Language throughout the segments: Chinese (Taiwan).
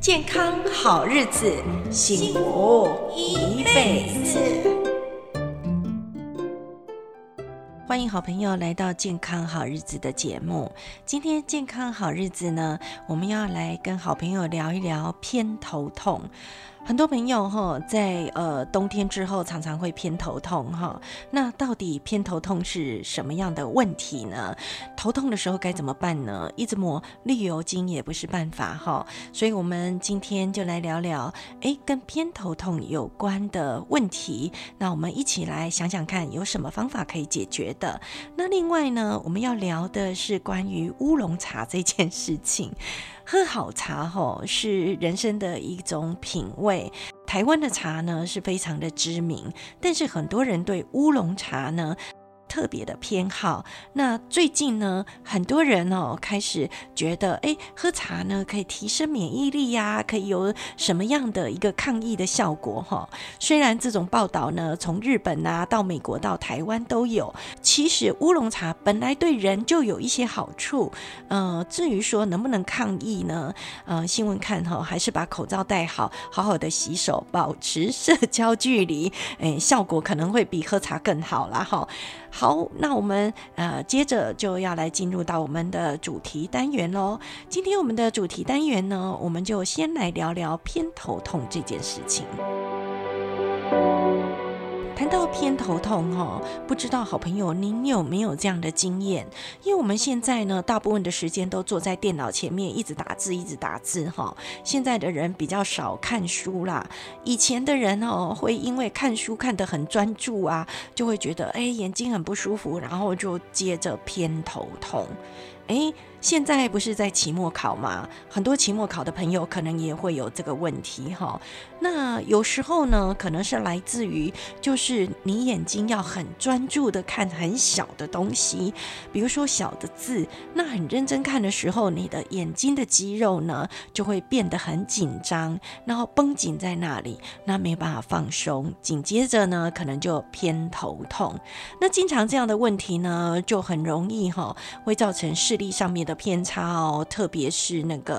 健康好日子，幸福一輩子。歡迎好朋友來到《健康好日子》的節目。今天《健康好日子》呢，我們要來跟好朋友聊一聊偏頭痛。很多朋友哈，在呃冬天之後常常會偏頭痛哈，那到底偏頭痛是什麼樣的問題呢？頭痛的時候該怎麼辦呢？一直抹綠油精也不是辦法哈，所以我們今天就來聊聊哎、欸、跟偏頭痛有關的問題，那我們一起來想想看有什麼方法可以解決的。那另外呢，我們要聊的是關於烏龍茶這件事情。喝好茶，哦，吼是人生的一種品味。台灣的茶呢是非常的知名，但是很多人對烏龍茶呢，特別的偏好。那最近呢，很多人哦開始覺得，哎，喝茶呢可以提升免疫力呀，可以有什麼樣的一個抗疫的效果哈？雖然這種報道呢，從日本啊到美國到台灣都有。其實烏龍茶本來對人就有一些好處，呃，至於說能不能抗疫呢？呃，新聞看哈，還是把口罩戴好，好好的洗手，保持社交距離，誒，效果可能會比喝茶更好啦哈。好，那我們呃，接着就要來進入到我們的主題單元嘍。今天我們的主題單元呢，我們就先來聊聊偏頭痛這件事情。談到偏頭痛哦，不知道好朋友您有沒有這樣的經驗？因為我們現在呢，大部分的時間都坐在電腦前面，一直打字，一直打字哈。現在的人比較少看書啦，以前的人哦，會因為看書看得很專注啊，就會覺得誒、欸，眼睛很不舒服，然後就接着偏頭痛。誒，現在不是在期末考嗎？很多期末考的朋友可能也會有這個問題哈。那有時候呢，可能是來自於就是你眼睛要很專注的看很小的東西，比如說小的字。那很認真看的時候，你的眼睛的肌肉呢就會變得很緊張，然後繃緊在那裡，那沒辦法放鬆。緊接着呢，可能就偏頭痛。那經常這樣的問題呢，就很容易哈，會造成視。力上面的偏差哦，特別是那個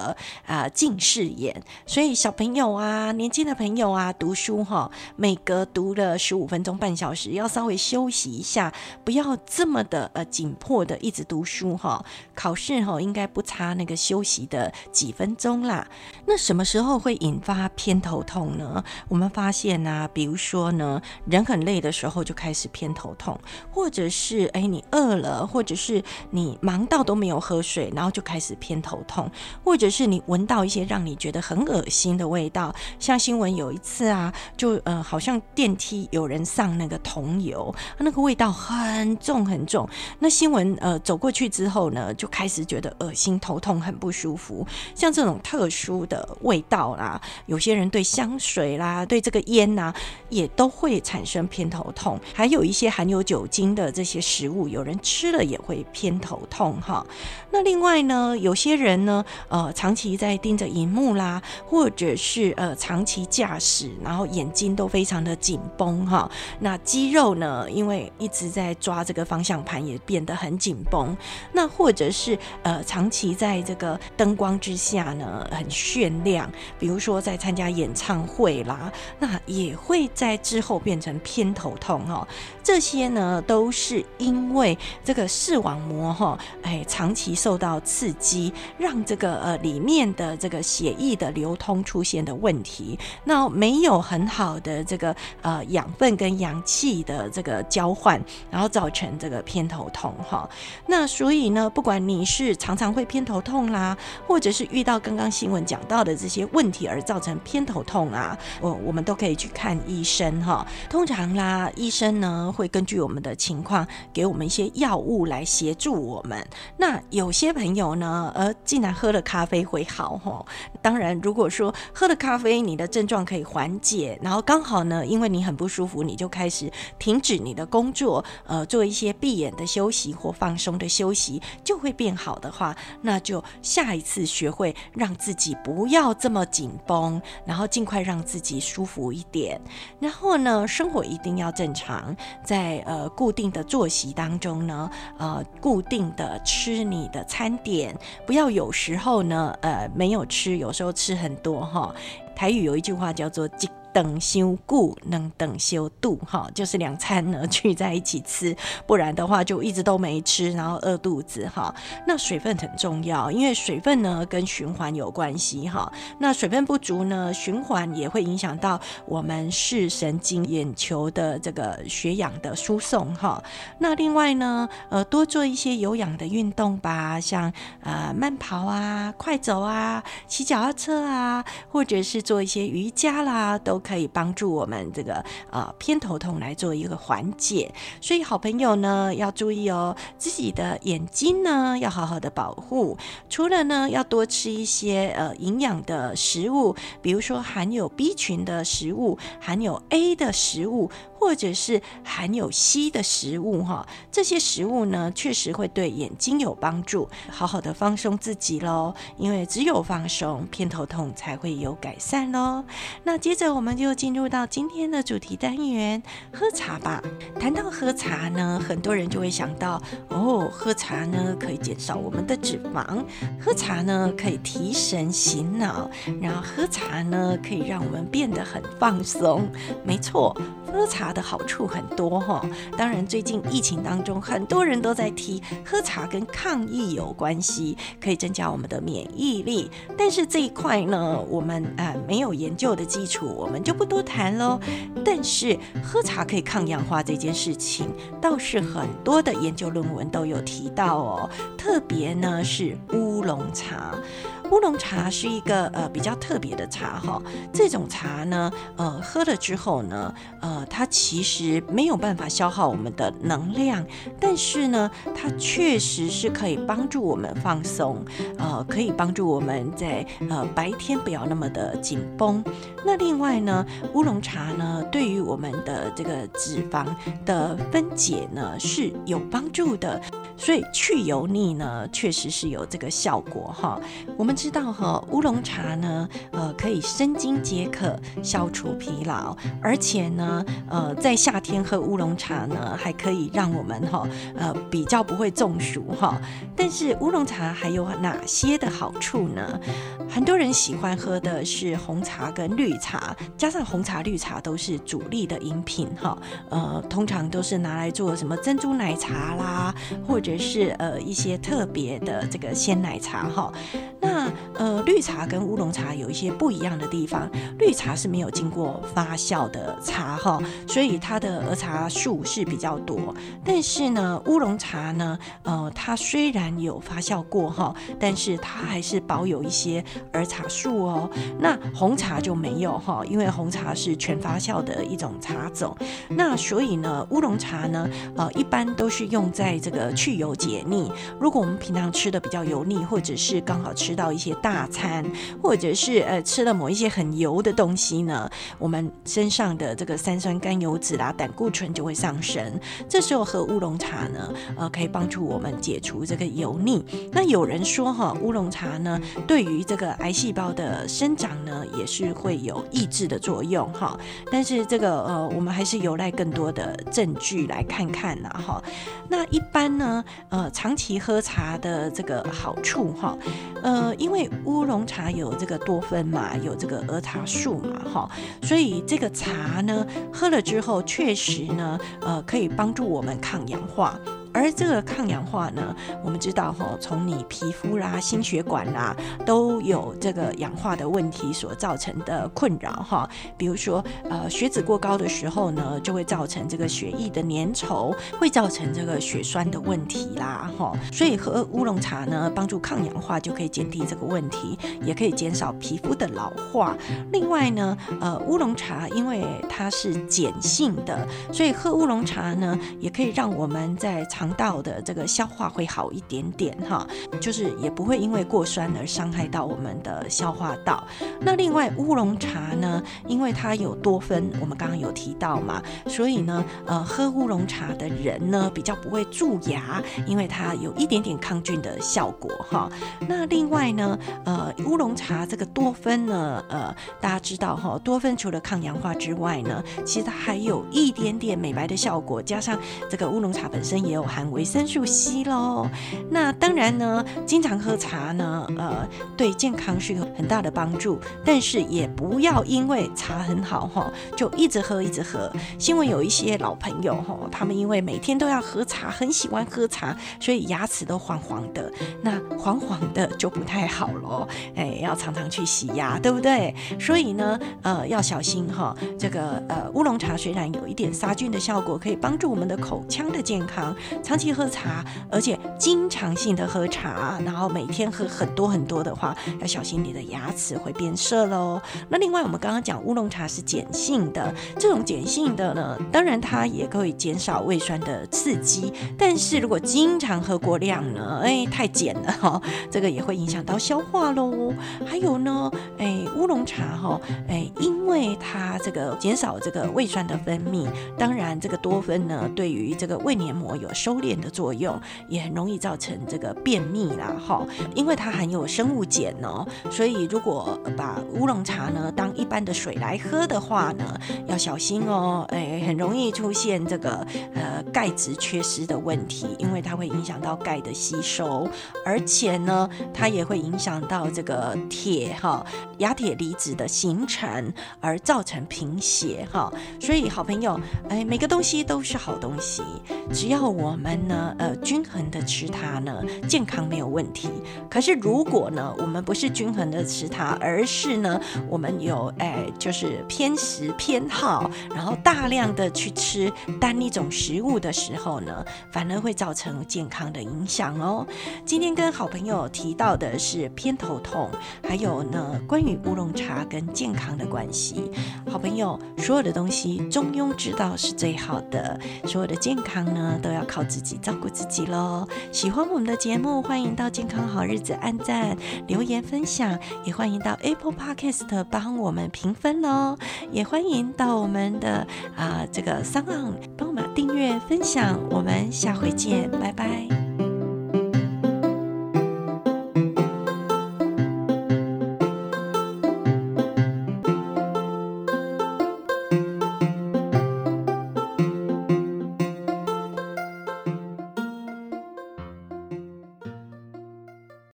啊、呃，近視眼，所以小朋友啊、年輕的朋友啊讀書哈、哦，每隔讀了十五分鐘、半小時要稍微休息一下，不要這麼的呃緊迫的一直讀書哈、哦。考試哈、哦、應該不差那個休息的幾分鐘啦。那什麼時候會引發偏頭痛呢？我們發現呢、啊，比如說呢，人很累的時候就開始偏頭痛，或者是誒，你餓了，或者是你忙到都。沒有喝水，然後就開始偏頭痛，或者是你聞到一些讓你覺得很惡心的味道，像新聞有一次啊，就呃好像電梯有人上那個桐油，那個味道很重很重。那新聞呃走過去之後呢，就開始覺得噁心、頭痛，很不舒服。像這種特殊的味道啦，有些人對香水啦，對這個菸吶、啊，也都會產生偏頭痛。還有一些含有酒精的這些食物，有人吃了也會偏頭痛哈。那另外呢，有些人呢，呃，長期在盯着熒幕啦，或者是呃，長期駕駛，然後眼睛都非常的緊繃哈、哦。那肌肉呢，因為一直在抓這個方向盤，也變得很緊繃。那或者是呃，長期在這個燈光之下呢，很炫亮，比如說在參加演唱會啦，那也會在之後變成偏頭痛哦。這些呢，都是因為這個視網膜哈、哦，哎長期受到刺激，讓這個呃，裡面的這個血液的流通出現的問題，那沒有很好的這個呃，養分跟氧氣的這個交換，然後造成這個偏頭痛哈。那所以呢，不管你是常常會偏頭痛啦，或者是遇到剛剛新聞講到的這些問題而造成偏頭痛啊，我我們都可以去看醫生哈。通常啦，醫生呢會根據我們的情況，給我們一些藥物來協助我們那。那有些朋友呢，呃，既然喝了咖啡會好吼，當然，如果說喝了咖啡你的症狀可以緩解，然後剛好呢，因為你很不舒服，你就開始停止你的工作，呃，做一些閉眼的休息或放鬆的休息，就會變好的話，那就下一次學會讓自己不要這麼緊繃，然後儘快讓自己舒服一點，然後呢，生活一定要正常，在呃固定的作息當中呢，呃，固定的吃。你的餐點，不要有時候呢，呃，沒有吃，有時候吃很多哈。台語有一句話叫做“等修固能等修度哈，就是兩餐呢聚在一起吃，不然的話就一直都沒吃，然後餓肚子哈、哦。那水分很重要，因為水分呢跟循環有關係哈、哦。那水分不足呢，循環也會影響到我們視神經、眼球的這個血氧的輸送哈、哦。那另外呢，呃，多做一些有氧的運動吧，像呃慢跑啊、快走啊、騎腳踏車啊，或者是做一些瑜伽啦都。可以幫助我們這個啊，呃，偏頭痛來做一個緩解，所以好朋友呢要注意哦，自己的眼睛呢要好好的保護。除了呢要多吃一些呃營養的食物，比如說含有 B 群的食物，含有 A 的食物。或者是含有硒的食物，哈，這些食物呢，確實會對眼睛有幫助。好好的放鬆自己嘍，因為只有放鬆，偏頭痛才會有改善咯。那接着我們就進入到今天的主題單元，喝茶吧。談到喝茶呢，很多人就會想到，哦，喝茶呢可以減少我們的脂肪，喝茶呢可以提神醒腦，然後喝茶呢可以讓我們變得很放鬆。沒錯。喝茶的好處很多哈、哦，當然最近疫情當中，很多人都在提喝茶跟抗疫有關係，可以增加我們的免疫力。但是這一塊呢，我們啊沒有研究的基礎，我們就不多談嘍。但是喝茶可以抗氧化這件事情，倒是很多的研究論文都有提到哦，特別呢是烏龍茶。烏龍茶是一個呃比較特別的茶哈，這種茶呢，呃喝了之後呢，呃它其實沒有辦法消耗我們的能量，但是呢，它確實是可以幫助我們放鬆，呃可以幫助我們在呃白天不要那麼的緊繃。那另外呢，烏龍茶呢，對於我們的這個脂肪的分解呢是有幫助的。所以去油膩呢，確實是有這個效果哈。我們知道哈，烏龍茶呢，呃，可以生津解渴、消除疲勞，而且呢，呃，在夏天喝烏龍茶呢，還可以讓我們哈，呃，比較不會中暑哈。但是烏龍茶還有哪些的好處呢？很多人喜歡喝的是紅茶跟綠茶，加上紅茶、綠茶都是主力的飲品哈。呃，通常都是拿來做什麼珍珠奶茶啦，或者。也是呃，一些特別的這個鮮奶茶哈。那呃，綠茶跟烏龍茶有一些不一樣的地方。綠茶是沒有經過發酵的茶哈，所以它的兒茶素是比較多。但是呢，烏龍茶呢，呃，它雖然有發酵過哈，但是它還是保有一些兒茶素哦。那紅茶就沒有哈，因為紅茶是全發酵的一種茶種。那所以呢，烏龍茶呢，呃，一般都是用在這個去油解膩。如果我們平常吃的比較油膩，或者是剛好吃到到一些大餐，或者是呃吃了某一些很油的東西呢，我們身上的這個三酸甘油脂啊，、膽固醇就會上升。這時候喝烏龍茶呢，呃，可以幫助我們解除這個油膩。那有人說哈，烏龍茶呢，對於這個癌細胞的生長呢，也是會有抑制的作用哈。但是這個呃，我們還是有賴更多的證據來看看吶哈。那一般呢，呃，長期喝茶的這個好處哈，呃。呃，因為烏龍茶有這個多酚嘛，有這個兒茶素嘛，哈，所以這個茶呢，喝了之後確實呢，呃，可以幫助我們抗氧化。而這個抗氧化呢，我們知道哈、哦，從你皮膚啦、心血管啦，都有這個氧化的問題所造成的困擾哈、哦。比如說，呃，血脂過高的時候呢，就會造成這個血液的粘稠會造成這個血栓的問題啦，哈、哦。所以喝烏龍茶呢，幫助抗氧化就可以減低這個問題，也可以減少皮膚的老化。另外呢，呃，烏龍茶因為它是鹼性的，所以喝烏龍茶呢，也可以讓我們在。腸道的這個消化會好一點點哈，就是也不會因為過酸而傷害到我們的消化道。那另外烏龍茶呢，因為它有多酚，我們剛剛有提到嘛，所以呢，呃，喝烏龍茶的人呢，比較不會蛀牙，因為它有一點點抗菌的效果哈。那另外呢，呃，烏龍茶這個多酚呢，呃，大家知道哈，多酚除了抗氧化之外呢，其實它還有一點點美白的效果，加上這個烏龍茶本身也有。含維生素 C 嘍那當然呢，經常喝茶呢，呃，對健康是有很大的幫助，但是也不要因為茶很好哈，就一直喝一直喝。因為有一些老朋友哈，他們因為每天都要喝茶，很喜歡喝茶，所以牙齒都黃黃的。那黃黃的就不太好咯誒、哎，要常常去洗牙，對不對？所以呢，呃，要小心哈，這個呃烏龍茶雖然有一點殺菌的效果，可以幫助我們的口腔的健康。長期喝茶，而且經常性的喝茶，然後每天喝很多很多的話，要小心你的牙齒會變色嘍。那另外，我們剛剛講烏龍茶是鹼性的，這種鹼性的呢，當然它也可以減少胃酸的刺激，但是如果經常喝過量呢，哎，太鹼了哈，這個也會影響到消化嘍。還有呢，哎，烏龍茶哈，哎，因為它這個減少這個胃酸的分泌，當然這個多酚呢，對於這個胃黏膜有收。收斂的作用，也很容易造成這個便秘啦，哈，因為它含有生物鹼哦、喔，所以如果把烏龍茶呢當一般的水來喝的話呢，要小心哦、喔，誒、欸，很容易出現這個呃鈣質缺失的問題，因為它會影響到鈣的吸收，而且呢，它也會影響到這個鐵哈亞鐵離子的形成，而造成貧血哈、喔，所以好朋友，誒、欸，每個東西都是好東西，只要我。我們呢，呃，均衡的吃它呢，健康沒有問題。可是如果呢，我們不是均衡的吃它，而是呢，我們有誒、哎，就是偏食偏好，然後大量的去吃單一種食物的時候呢，反而會造成健康的影響哦。今天跟好朋友提到的是偏頭痛，還有呢，關於烏龍茶跟健康的關係。好朋友，所有的東西中庸之道是最好的，所有的健康呢，都要靠。自己照顧自己嘍！喜歡我們的節目，歡迎到健康好日子按贊、留言、分享，也歡迎到 Apple Podcast 幫我們評分哦，也歡迎到我們的啊、呃、這個 Sound On 幫我們訂閱、分享，我們下回見，拜拜。